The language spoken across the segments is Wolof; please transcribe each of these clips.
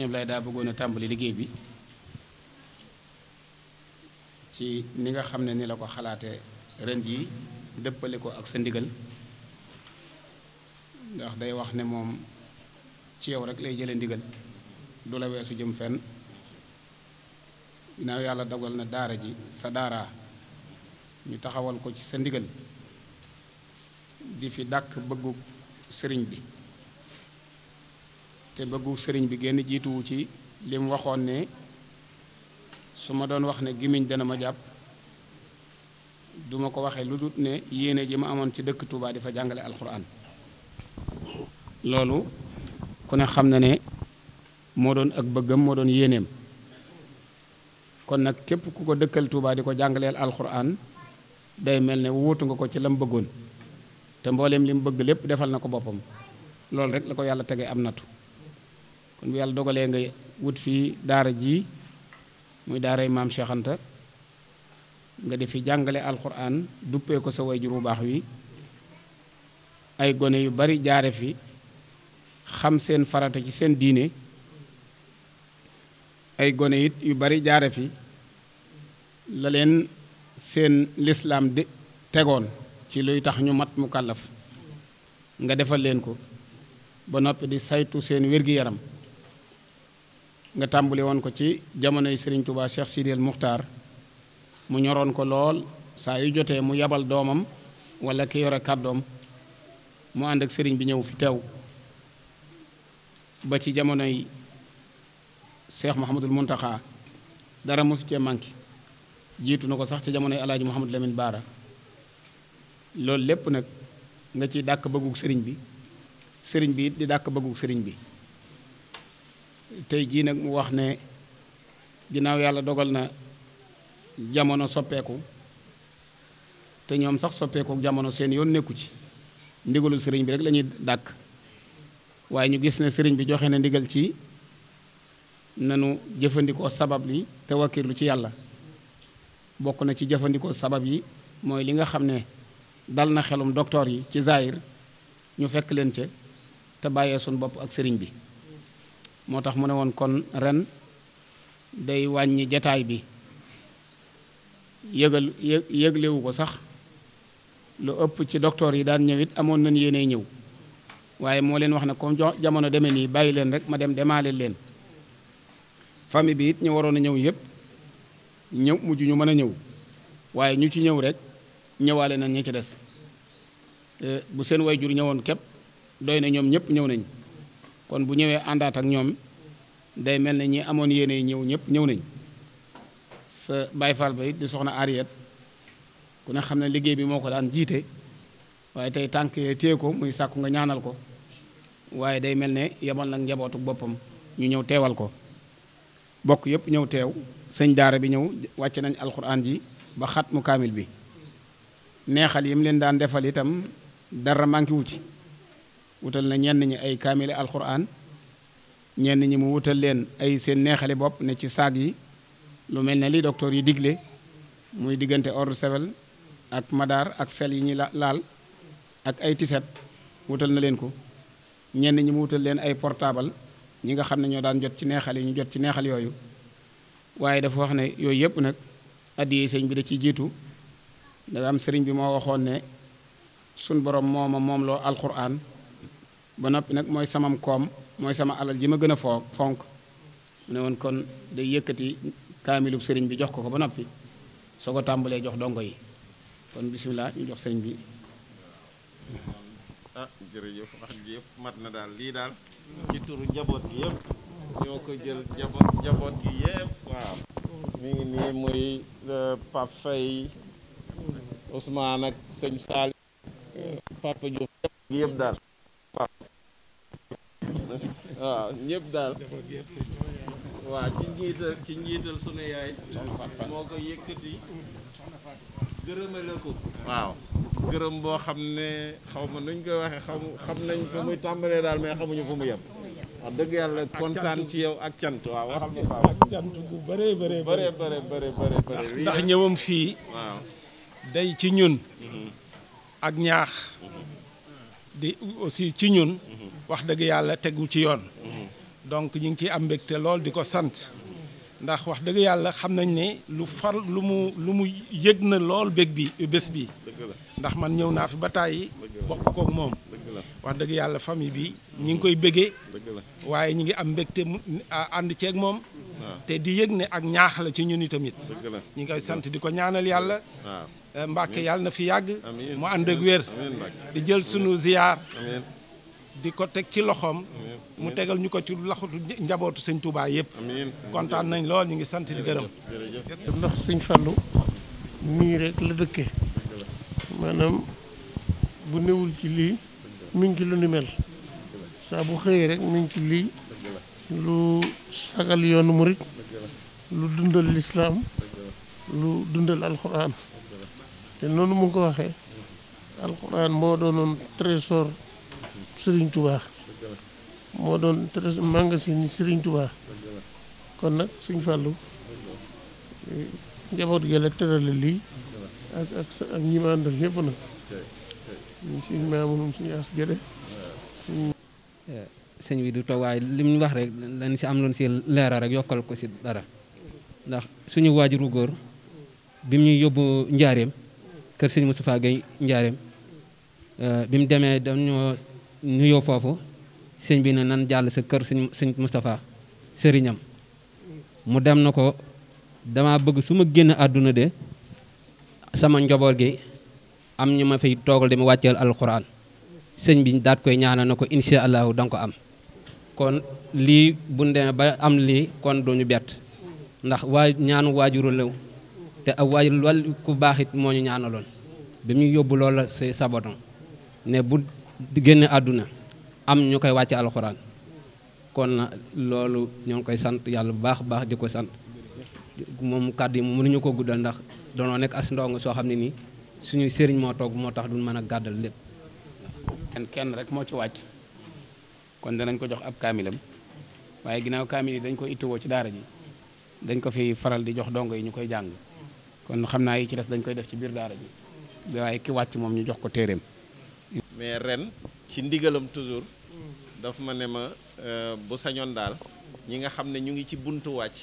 sëñ lay daa bëggoon tàmbali liggéey bi ci ni nga xam ne ni la ko xalaate ren ji dëppale ko ak sa ndigal ndax day wax ne moom ci yow rek lay jële ndigal du la weesu jëm fenn ginnaaw yàlla dogal na daara ji sa daara ñu taxawal ko ci sa ndigal di fi dàkk bëggu sëriñ bi te bëggu sëriñ bi génn jiituwu ci li mu waxoon ne su ma doon wax ne gimiñ dana ma jàpp duma ko waxee lu dut ne yéene ji ma amoon ci dëkk Touba di fa jàngale alxuraan loolu ku ne xam na ne moo doon ak bëggam moo doon yéeneem kon nag képp ku ko dëkkal Touba di ko jàngaleel alxuraan day mel ne wóotu nga ko ci lam bëggoon te mbooleem li mu bëgg lépp defal na ko boppam loolu rek la ko yàlla tegee am nattu kon bu yàlla dogalee nga wut fii daara ji muy daaray maam Cheikh nga def fi jàngale alxuraan duppee ko sa wayjur bu baax wi ay gone yu bari jaare fi xam seen farata ci seen diine ay gone yu bari jaare fi la leen seen lislaam di tegoon ci luy tax ñu mat mu kàllaf nga defal leen ko ba noppi di saytu seen wér-gi-yaram nga tàmbali woon ko ci jamonoy Serigne Touba Cheikh Sidil Muxtaar mu ñoroon ko lool saa yu jotee mu yabal doomam wala ki yore kàddoom mu ànd ak sëriñ bi ñëw fi teew ba ci jamonoy Cheikh Mouhamadul Muntaxa dara mosu cee manqué jiitu na ko sax ci jamonoy El Hadj Mouhamadou Lamine Baara loolu lépp nag nga ciy dàkk bëggug sëriñ bi sëriñ bi it di dàkk bëggug sëriñ bi. tey jii nag mu wax ne ginnaaw yàlla dogal na jamono soppeeku te ñoom sax soppeeku jamono seen yoon nekku ci ndigalul sëriñ bi rek lañuy dàkk waaye ñu gis ne sëriñ bi joxe na ndigal ci nanu jëfandikoo sabab li te wakkirlu ci yàlla bokk na ci jëfandikoo sabab yi mooy li nga xam ne dal na xelum docteur yi ci zaahir ñu fekk leen ca te bàyyee suñu bopp ak sëriñ bi moo tax mu ne woon kon ren day wàññi jataay bi yëgal yëg yëglewu ko sax lu ëpp ci docteur yi daan ñëw it amoon nañ yéeney ñëw waaye moo leen wax ne comme jamono deme nii bàyyi leen rek ma dem demaale leen famille bi it ñu waroon a ñëw yëpp ñëw mujj ñu mën a ñëw waaye ñu ci ñëw rek ñëwaale nañ ñu ci des eh, bu seen way jur ñëwoon képp doy na ñoom ñëpp ñëw nañ kon bu ñëwee àndaat ak ñoom day mel ne ñi amoon yéene ñëw ñëpp ñëw nañ sa Baay Faal ba di soxna Ariet ku ne xam ne liggéey bi moo ko daan jiite waaye tey tànk yee téye ko muy sàkku nga ñaanal ko waaye day mel ne yebal nag njabootu boppam ñu ñëw teewal ko bokk yëpp ñëw teew sëñ daara bi ñëw wàcc nañ alxuraan ji ba xat mu kaamil bi neexal yi mu leen daan defal itam dara manqué wu ci wutal na ñenn ñi ay kaamile alquran ñenn ñi mu wutal leen ay seen neexali bopp ne ci saag yi lu mel ne li docteur yi digle muy diggante ordre sevel ak madaar ak sel yi ñuy laal ak ay tiset wutal na leen ko ñenn ñi mu wutal leen ay portable ñi nga xam ne ñoo daan jot ci neexal yi ñu jot ci neexal yooyu waaye dafa wax ne yooyu yëpp nag addiyee sëñ bi da ciy jiitu da am sëriñ bi moo waxoon ne sun borom mooma moom loo alquran ba noppi nag mooy samam koom mooy sama alal ji ma gën a foo fonk mu ne woon kon day yëkkati kaamilub sëriñ bi jox ko ko ba noppi soo ko tàmbalee jox dongo yi kon bisimilah ñu jox sëriñ bi ah mat na daal lii daal ci turu njaboot gi yëpp muy euh, Pape Faye Ousmane ak sëñ Saali Papa Diouf yëpp daal waaw ah, ñépp daal waaw ci njiital ci njiital sunu yaay moo ko yëkkati gërëmale ko waaw gërëm boo xam ne xaw ma nuñ koy waxee xam xam nañ ko muy tàmbalee daal mais xamuñu fu mu yem wax dëgg yàlla kontaan ci yow ak cant waaw wax ak cant bu bëree bëree bëree bëree bëree bëree ndax ñëwam fii waaw day ci ñun mm-hmm. ak ñaax mm-hmm. di aussi ci ñun wax dëgg yàlla tegu ci yoon donc ñu ngi ciy am mbégte lool di ko sant ndax wax dëgg yàlla xam nañ ne lu far lu mu lu mu yëg na lool bég bi bés bi ndax man ñëw naa fi ba tàyyi bokk kook moom wax dëgg yàlla famille bi ñi ngi koy bëggee waaye ñi ngi am mbégte ànd ceeg moom te di yëg ne ak ñaax la ci ñun itamit ñi ngay sant di ko ñaanal yàlla eh, Mbàkke yàlla na fi yàgg mu ànd ak wér di jël sunu ziyaar di ko teg ci loxoom mu tegal ñu ko ci laxutu njabootu sëñ Touba yëpp kontaan nañ lool ñu ngi sant di gërëm ndax sañ Fallou nii rek la dëkke maanaam bu newul ci lii mi ngi ci lu ni mel saa bu xëyee rek mi ngi ci lii lu sagal yoonu murit lu dundal lislaam lu dundal alxuraan te noonu mu ko waxee alxuraan moo doonoon trésor Serigne Touba moo doon trésor magasin Serigne Touba kon nag Serigne Fallou njaboot gi la tërale lii ak ak ak nag suñ maamu suñu as gëre suñ du toog li mu wax rek dañ si loon si leeral yokkal ko si dara suñu waajuru góor bi mu ñuy yóbbu njaareem kër sëñ Moustapha Gueye njaareem euh, bi mu demee dañoo nuyoo foofu sëñ bi na nan jàll sa kër sëñ sëñ Moustapha sëriñam mu dem na ko dama bëgg su ma génne àdduna de sama njaboot gi am ñu ma fiy toogal di mu wàcceel alxuraan sëñ bi daat koy ñaanal na ko insha allahu danga ko am kon lii bu ñu ba am lii kon duñu bett ndax waa ñaanu waajuru lew te ab waajur wal ku baax it moo ñu ñaanaloon bi mu yóbbu loola say saboton ne bu di génn àdduna am ñu koy wàcce alxuraan kon loolu ñoo ngi koy sant yàlla bu baax baax di ko sant moom kàddu yi mënuñu ko guddal ndax doonoo nekk as ndongo soo xam ne nii suñuy sëriñ moo toog moo tax duñ mën a gàddal lépp kenn rek moo ci wàcc kon danañ ko jox ab kaamilam waaye ginnaaw kaamil yi dañ ko ittiwoo ci daara ji dañ ko fi faral di jox dongo yi ñu koy jàng kon xam naa yi ci des dañ koy def ci biir daara ji waaye ki wàcc moom ñu jox ko téeréem mais ren ci ndigalam toujours dafa ma ne ma euh, bu sañoon daal ñi nga xam ne ñu ngi ci buntu wàcc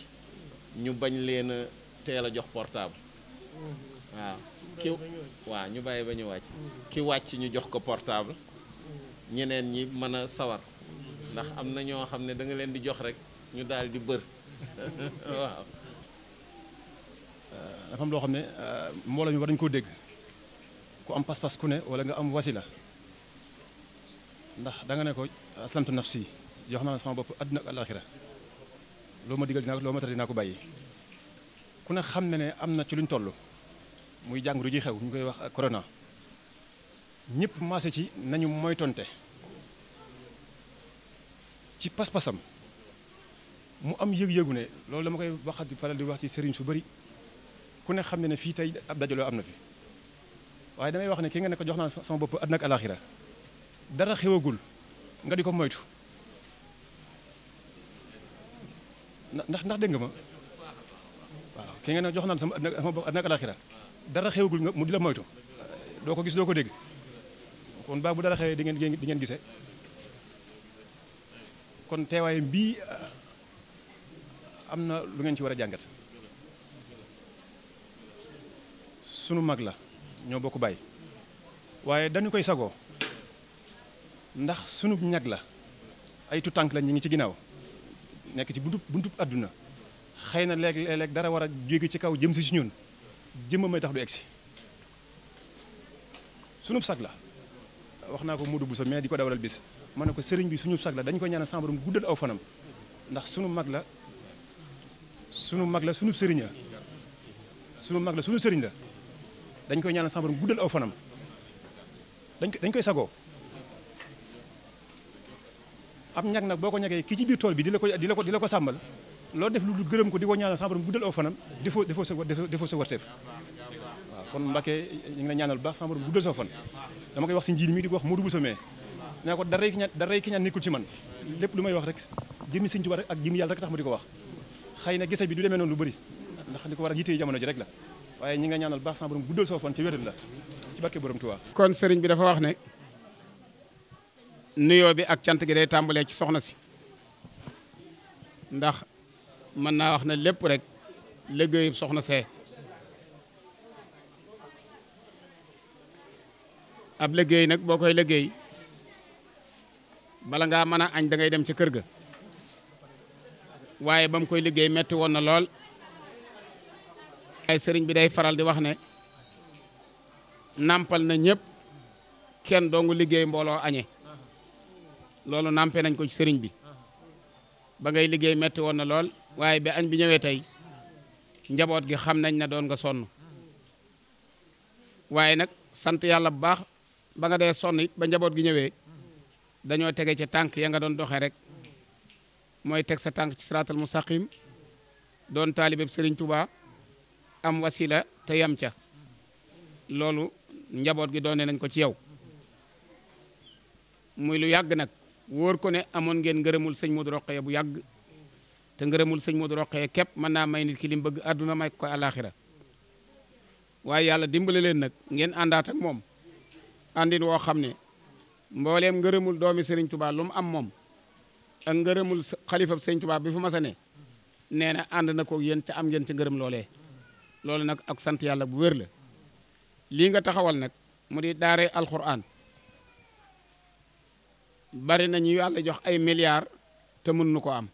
ñu bañ leen a teel a jox portable waaw ki waaw ñu bàyyi ba ñu wàcc ki wàcc ñu jox ko portable ñeneen ñi mën a sawar ndax am na ñoo xam ne danga leen di jox rek ñu daal di bër waaw euh, dafa am loo xam ne euh, mbooloo mi war nañu koo dégg ku am pas-pas ku ne wala nga am wasi wasila ndax danga ne ko aslamtu nafsi yoo xam ne sama bopp àdduna ak alaxira loo ma digal dinaa loo ma tere dinaa ko bàyyi ku ne xam ne ne am na ci luñ toll muy jàngoro ji xew ñu koy wax corona ñëpp mase ci nañu moytonte ci pas-pasam mu am yëg-yëgu ne loolu dama koy waxat di faral di wax ci sëriñ su bari ku ne xam ne ne fii tey ab dajaloo am na fi waaye damay wax ne ki nga ne ko jox naa sama bopp àdduna ak alaxira dara xewagul nga di ko moytu ndax ndax dégg nga ma waaw ki nga ne jox naan sama àddina ak alaaxira dara xewagul nga mu di la moytu doo ko gis doo ko dégg kon baa bu dara xewee di ngeen di ngeen gisee kon teewaay bii am na lu ngeen ci war a jàngat sunu mag la ñoo bokk bàyyi waaye dañu koy sagoo ndax sunu ñag la ay tànk la ñu ngi ci ginnaaw nekk ci buntu buntu àdduna xëy na léeg-léeg dara war a jóge ci kaw jëm si si ñun jëmm may tax du egsi sunub sag la wax naa ko Modou Bousso mais di ko dawalal bis ma ne ko sëriñ bi suñu sag la dañ ko ñaanal sama borom guddal aw fanam ndax sunu mag la sunu mag la sunu sëriñ sunu mag la sunu sëriñ la dañ koy ñaanal sama guddal aw fanam dañ koy dañ koy sagoo. am ñag na boo ko ñagee ki ci biir tool bi di la ko di la ko di la ko sàmmal loolu def lu dul gërëm ko di ko ñaanal sàmbaram guddal aw sa defoo sa warteef fan dama koy wax si njiit mi di ko wax Modou Bousso mee nee ko daray ki ñaan daray ki ñaan nekkul ci man lépp lu may wax rek jëmi Sëñ Tuubaa rek ak jëmi yàlla rek tax ma di ko wax xëy na gese bi du deme noonu lu bëri ndax li ko war a yitee jamono ji rek la waaye ñi nga ñaanal baax sàmbaram guddal sa fan ci wéral la ci barke borom Tuubaa kon sëriñ bi dafa wax ne nuyoo bi ak cant gi day tàmbalee ci soxna si ndax mën naa wax na lépp rek liggéeyub soxna see ab liggéey nag boo koy liggéey bala ngaa mën a añ dangay dem ci kër ga waaye ba mu koy liggéey metti woon na lool ay sëriñ bi day faral di wax ne nàmpal na ñëpp kenn doongu liggéey mbooloo añe loolu nampé nañ ko ci sëriñ bi ba ngay liggéey metti woon na lool waaye ba añ bi ñëwee tey njaboot gi xam nañ na doon nga sonn waaye nag sant yàlla bu baax ba nga dee sonn ba njaboot gi ñëwee dañoo tege ca tànk ya nga doon doxee rek mooy teg sa tànk ci siraatal mustaqim doon taalibeb sëriñ Tuubaa am wasila te yam ca loolu njaboot gi doone nañ ko ci yow muy lu yàgg nag wóor ko ne amoon ngeen ngërëmul sëñ Modou Rokhaya bu yàgg te ngërëmul sëñ Modou Rokhaya képp mën naa may nit ki lim bëgg àdduna may ko àllaaxira waaye yàlla dimbale leen nag ngeen àndaat moom àndin woo xam ne mbooleem ngërëmul doomi Serigne tubaa lu am moom ak ngërëmul xalifa Serigne Touba bi fu mas a nee na ànd na ko yéen te am ngeen ci ngërëm loole loolu nag ak sant yàlla bu wér la lii nga taxawal nag mu di daaree alxuraan bari na ñu yàlla jox ay milliards te mën nu ko am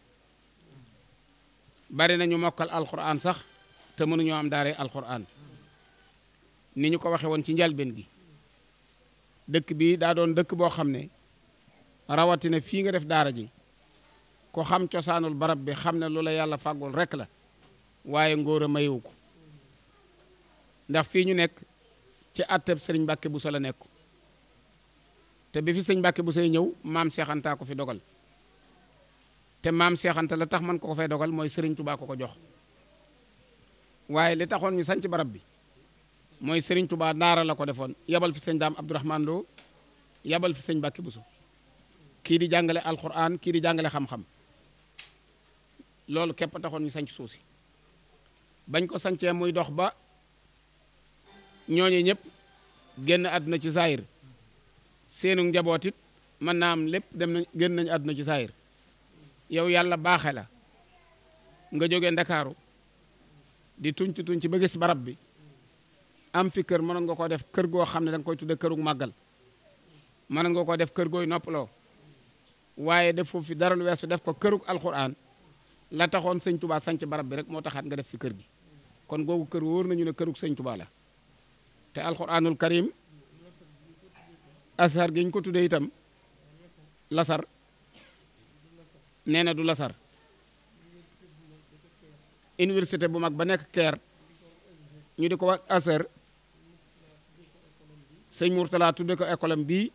bari na ñu mokkal alquran sax te mënuñoo am daaree alquran ni ñu ko waxe woon ci njalbeen gi dëkk bi daa doon dëkk boo xam ne rawatina fii nga def daara ji ko xam cosaanul barab bi xam ne lu la yàlla fàggul rekk la waaye ngóor a mayewu ko ndax fii ñu nekk ci àttab sëriñ Mbàkke bu sa la nekk te bi fi sëñ Mbàkke bu say ñëw maam seexantaa Anta ko fi dogal te maam Cheikh la tax man ko ko fay dogal mooy seriñ Touba ko ko jox waaye li taxoon ñu sanc barab bi mooy Serigne tubaa daara la ko defoon yabal fi sëñ Daam Abdourahman Lo yabal fi sëñ bu Buso kii di jàngale alquran kii di jàngale xam-xam loolu képp taxoon ñu sanc suuf si bañ ko sancee muy dox ba ñooñu ñëpp génn àdduna ci zaahir seenu njaboot it mën naa am lépp dem nañ gën nañ àdduna ci saayir yow yàlla baaxe la nga jógee ndakaaru di tuñ ci tuñ ci ba barab bi am fi kër mënoon nga ko def kër goo xam ne da nga koy tudde kërug màggal mënoon nga ko def kër gooy noppaloo waaye def foofu fi dara lu weesu def ko kërug alxuraan la taxoon sëñ tubaa sanc barab bi rek moo taxaat nga def fi kër gi kon googu kër wóor nañu ne kërug sëñ la te alxuraanul karim asar gi ñu ko tuddee itam lasar nee na du lasar uniwersité bu mag ba nekk keer ñu di ko wax asar sëñ Mourtala tudde ko école bii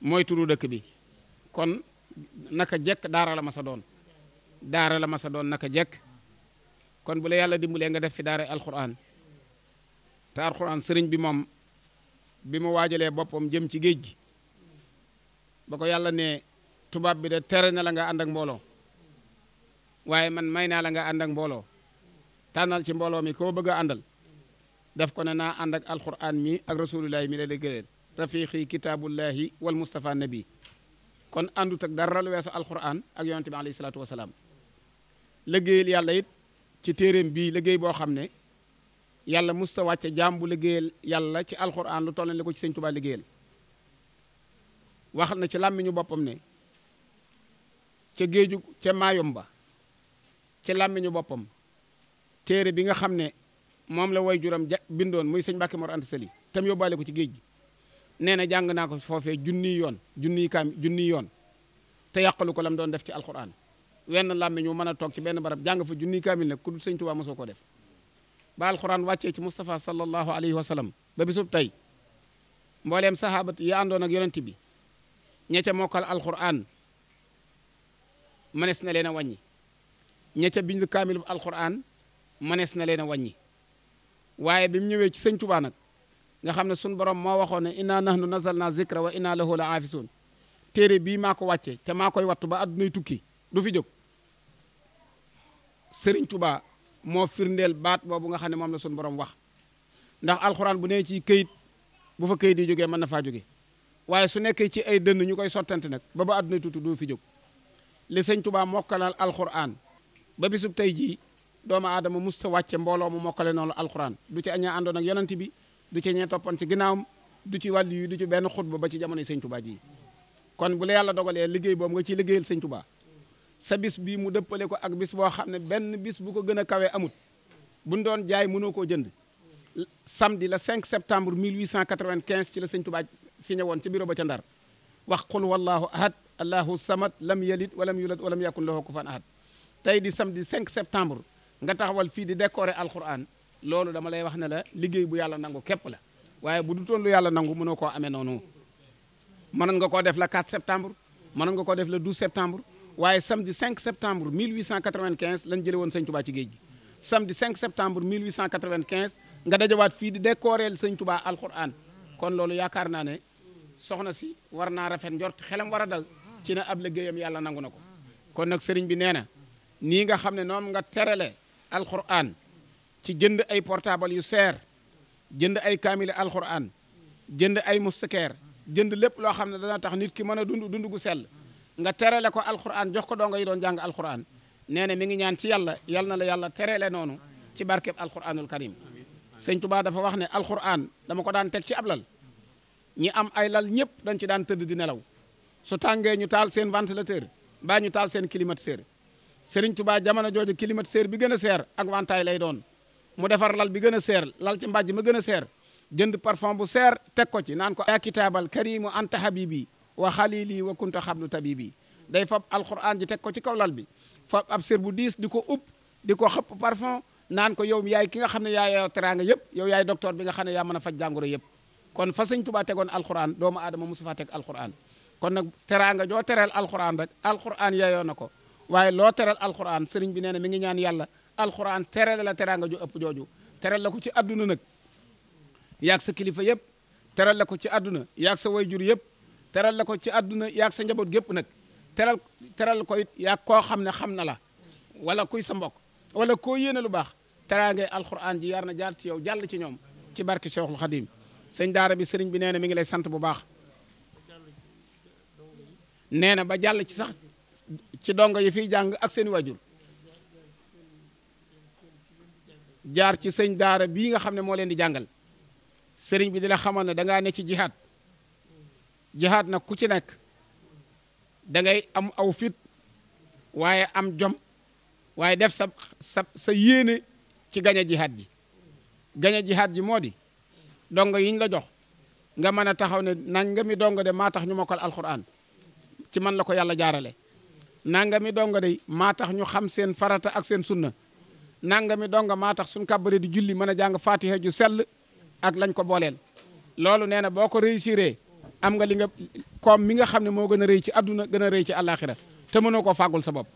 mooy turu dëkk bi kon naka jekk daara la ma sa doon daara naka jekk kon bu la yàlla dimbalee nga def fi daara alquran te alquran sëriñ bi moom bi mu waajalee boppam jëm ci géej gi ba ko yàlla ne tubaab bi de tere na la nga ànd ak mbooloo waaye man may naa la nga ànd ak mbooloo tànnal ci mbooloo mi ko bëgg a àndal daf ko ne naa ànd ak alquran mi ak rasulullahi mi la liggéeyal rafiqi kitaabullahi wal mustafa nabi kon àndu ak dara lu weesu alquran ak yonente bi alayhi salaatu wasalaam liggéeyal yàlla it ci téeréem bii liggéey boo xam ne yàlla musta wàcce jaam bu liggéeyal yàlla ci alxuraan lu toll li ko ci sëñ Tuubaa liggéeyal wax na ci làmmiñu boppam ne ca géeju ca ba ci làmmiñu boppam téere bi nga xam ne moom la way juram ja bindoon muy sëñ Mbàkke Mor Anta Sali tam yóbbaale ko ci géej gi nee na jàng naa ko foofee junniy yoon junni kaam junni yoon te yàqalu ko la lam doon def ci alxuraan wenn làmmiñ wu mën a toog ci benn barab jàng fa junniy kaamil nag ku dul sëñ Tuubaa ko def ba alxuraan wàccee ci Moustapha sallallahu alayhi wa sallam ba bisub tey mbooleem saxaabat yi àndoon ak yonent bi ña ca mokkal alxuraan mënees na leen wàññi ña ca bind kaamilu alxuraan mënees na leen wàññi waaye bi mu ñëwee ci sëñ nag nga xam ne sunu borom moo waxoon ne inna nahnu nazalna zikra wa inna lahu la téere bii maa ko wàcce te maa koy wattu ba addunay tukki du fi jóg sëriñ moo firndeel baat boobu nga xam ne moom la suñu borom wax ndax alxuraan bu nee ci këyit bu fa këyit yi jógee mën na faa jóge waaye su nekkee ci ay dënn ñu koy sottante nag ba ba àdduna tuuti du fi jóg li sëñ Tuubaa mokkalal alxuraan ba bisub tey jii doomu aadama musta wàcce mbooloo mu mokkale noonu alxuraan du ci añaa àndoon ak yonent bi du ci ñee toppoon ci ginnaawam du ci wàll yu du ci benn xutba ba ci jamono sañ tubaa ji kon bu la yàlla dogalee boobu nga ciy liggéeyal sëñ sa bis bii mu dëppale ko ak bis boo xam ne benn bis bu ko gën a kawee amut buñ doon jaay mënoo koo jënd samedi la 5 septembre 1895 ci la sëñ Tuubaa signé woon ci bureau ba ca Ndar wax qul wallahu ahad allahu samad lam yalid walam yulad walam yakun lahu kufuwan ahad tey di samedi 5 septembre nga taxawal fii di décorer alquran loolu dama lay wax ne la liggéey bu yàlla nangu képp la waaye bu dutoon lu yàlla nangu mënoo koo amee noonu mënoon nga koo def la 4 septembre mënoon nga koo def la 12 septembre waaye samedi 5 septembre 1895 lañ jëlee woon sëñ tubaa ci géej gi samedi 5 septembre 1895 nga dajawaat fii di décoreel sëñ tubaa alquran kon loolu yaakaar naa ne soxna si war naa rafet njort xelam war a dal ci ne ab liggéeyam yàlla nangu na ko kon nag sëriñ bi nee na nii nga xam ne noonu nga terale alquran ci jënd ay portable yu seer jënd ay kaamile alquran jënd ay mustakeer jënd lépp loo xam ne dana tax nit ki mën a dund dund gu sell nga terele ko alquran jox ko donga yi doon jàng alquran nee na mi ngi ñaan ci yàlla yal na la yàlla terele noonu ci barkeb alquranul karim sëñ Tuubaa dafa wax ne alquran dama ko daan teg ci ab lal ñi am ay lal ñëpp dañ ci daan tëdd di nelaw su tàngee ñu taal seen ventilateur baa ñu taal seen climatiseur sëriñ Tuubaa jamono jooju climatiseur bi gën a seer ak wantaay lay doon mu defar lal bi gën a seer lal ci mbàjj ma gën a seer jënd parfum bu seer teg ko ci naan ko yaa kitaabal karimu anta habibi wa xalili wa kunta xablu tabibi day fab alquran ji teg ko ci kaw lal bi fab ab sër bu diis di ko upp di ko xëpp parfum naan ko yow yaay ki nga xam ne yaay teraanga yëpp yow yaay docteur bi nga xam ne yaa mën a faj jàngoro yëpp kon fa sëñ Tuubaa tegoon alquran doomu adama mosu faa teg alquran kon nag teraanga joo tereel alquran rek alquran yaayoo na ko waaye loo tereel alxuraan sëriñ bi nee na mi ngi ñaan yàlla alquran tereel la teraanga ju ëpp jooju tereel ko ci adduna nag yaag sa kilifa yëpp tereel ko ci adduna yaag sa wayjur yëpp teral la ko ci àdduna yaag sa njaboot gépp nag teral teral ko it yaag koo xam ne xam na la wala kuy sa mbokk wala koo yéene lu baax teraange alxuraan ji yar na jaar ci yow jàll ci ñoom ci barki Cheikhul Khadim sëñ daara bi sëriñ bi nee na mi ngi lay sant bu baax nee na ba jàll ci sax ci dongo yi fiy jàng ak seeni waajur jaar ci sëñ daara bii nga xam ne moo leen di jàngal sëriñ bi di la xamal na dangaa ne ci jihaad jihaad na ku ci nekk da ngay am aw fit waaye am jom waaye def sa sa sa yéene ci gañe jihaad ji gañe jihaad ji moo di dong yiñ la jox nga mën a taxaw ne nanga mi dong de maa tax ñu mokkal alxuraan ci man la ko yàlla jaarale nanga mi dong de maa tax ñu xam seen farata ak seen sunna nanga mi dong maa tax suñ kàbbare di julli mën a jàng fatiha ju sell ak lañ ko booleel loolu nee na boo ko réussiree am nga li nga koom mi nga xam ne moo gën a rëy ci àdduna gën a rëy ci àllaaxira te mënoo koo fàggul sa bopp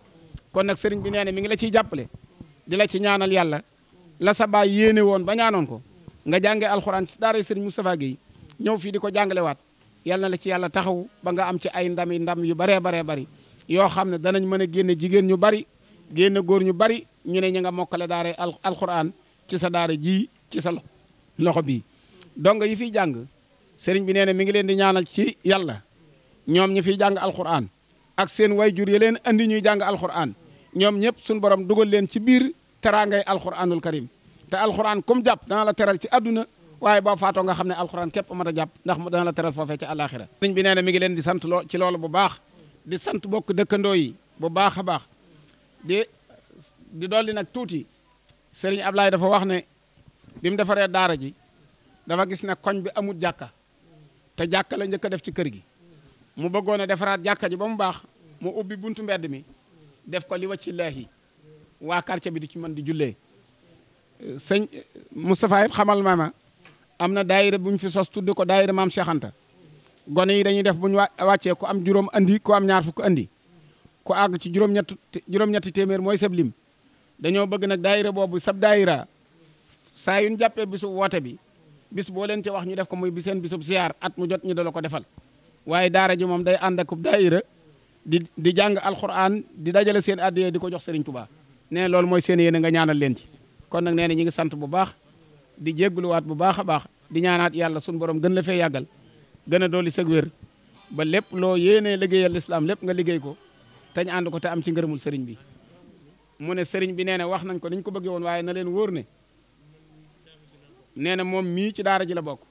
kon nag sëriñ bi nee ne mi ngi la ciy jàppale di la ci ñaanal yàlla la sa baay yéene woon ba ñaanoon ko nga jàngee alxuraan ci daara sëriñ Moustapha Guèye ñëw fii di ko jàngalewaat yal la ci yàlla taxaw ba am ci ay ndam yu baree baree bari yoo xam ne danañ mën a génne jigéen ñu bari génne góor ñu bari ñu ne ñu nga mokkale daara alxuraan ci sa daara ji ci sa loxo bii donc yi fiy jàng sëriñ bi nee na mi ngi leen di ñaanal ci yàlla ñoom ñi fiy jàng alxuraan ak seen wayjur yi leen andi ñuy jàng alxuraan ñoom ñëpp suñu borom dugal leen ci biir teraangay alxuraanul karim te alxuraan kum jàpp dana la teral ci àdduna waaye boo faatoo nga xam ne alxuraan képp mat a jàpp ndax mu dana la teral foofee ci àllaaxira sëriñ bi nee mi ngi leen di sant loo ci loolu bu baax di sant bokk dëkkandoo yi bu baax a baax di di dolli nag tuuti sëriñ Ablaye dafa wax ne bi mu defaree daara ji dafa gis ne koñ bi amul jàkka te jàkka la njëkk def ci kër gi mu bëggoon a defaraat jàkka ji ba mu baax mu ubbi buntu mbedd mi def ko li wa ci leex waa quartier bi di ci mën di jullee sëñ Moustapha it xamal maama am na daayira bu ñu fi sos tudde ko daayira maam Cheikh Anta gone yi dañuy def bu ñu wàccee ku am juróom andi ku am ñaar fukk andi ku àgg ci juróom-ñett juróom-ñetti téeméer mooy sab dañoo bëgg nag daayira boobu sab daayira saa yu ñu jàppee bisu woote bi bis boo leen ci wax ñu def ko muy bi seen bisub ziar at mu jot ñu dala ko defal waaye daara ji moom day àndaku ak daayira di di jàng alxuraan di dajale seen addiya di ko jox Serigne Touba nee loolu mooy seen yéene nga ñaanal leen ci kon nag nee ne ñi ngi sant bu baax di jégguluwaat bu baax a baax di ñaanaat yàlla sun borom gën la fee yàggal gën a dooli sëg wér ba lépp loo yéenee liggéeyal lislaam lépp nga liggéey ko tañ ànd ko te am ci ngërëmul sëriñ bi mu ne sëriñ bi nee na wax nañ ko niñ ko bëggee waaye na leen wóor ne nee na moom mii ci daara ji la bokk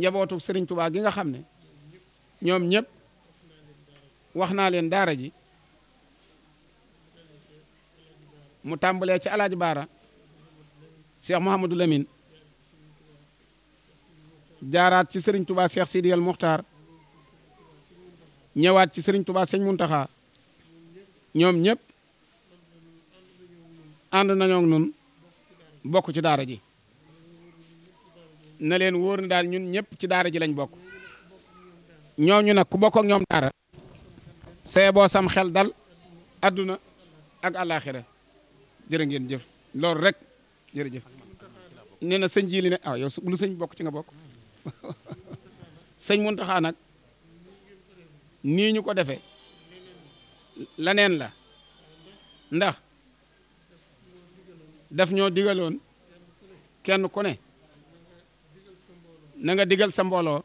njabootu sëriñ tubaa gi nga xam ne ñoom ñëpp wax naa leen daara ji mu tàmbalee ci alaaji baara cheikh mouhamadou lamine jaaraat ci sëriñ tubaa cheikh sidi al muxtaar ñëwaat ci sëriñ tubaa sëñ muntaxa ñoom ñëpp ànd nañoo nun bokk ci daara ji na leen wóor ne daal ñun ñëpp ci daara ji lañ bokk ñu nag ku bokk ñoom daara see boo sam xel dal adduna ak àllaaxira jërë ngeen jëf loolu rek jërëjëf nee na sëñ ji ah yow lu sëñ bokk ci nga bokk sëñ Muntaxa nag nii ñu ko defee laneen la ndax daf ñoo digaloon kenn ku ne nanga digal sa mbooloo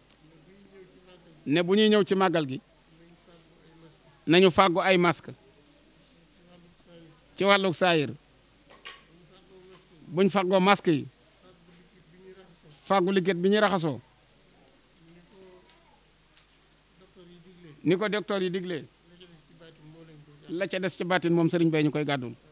ne bu ñuy ñëw ci màggal gi nañu fàggu ay masque ci wàllu saayir buñ fàggoo masque yi fàggu liggéey bi ñuy raxasoo ni ko docteur yi diglee la ca des ci baatin moom sëriñ bay ñu koy gàddul